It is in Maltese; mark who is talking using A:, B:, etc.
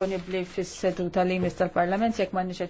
A: disponibli fis-seduta li mis tal-Parlament jekk m'għandniex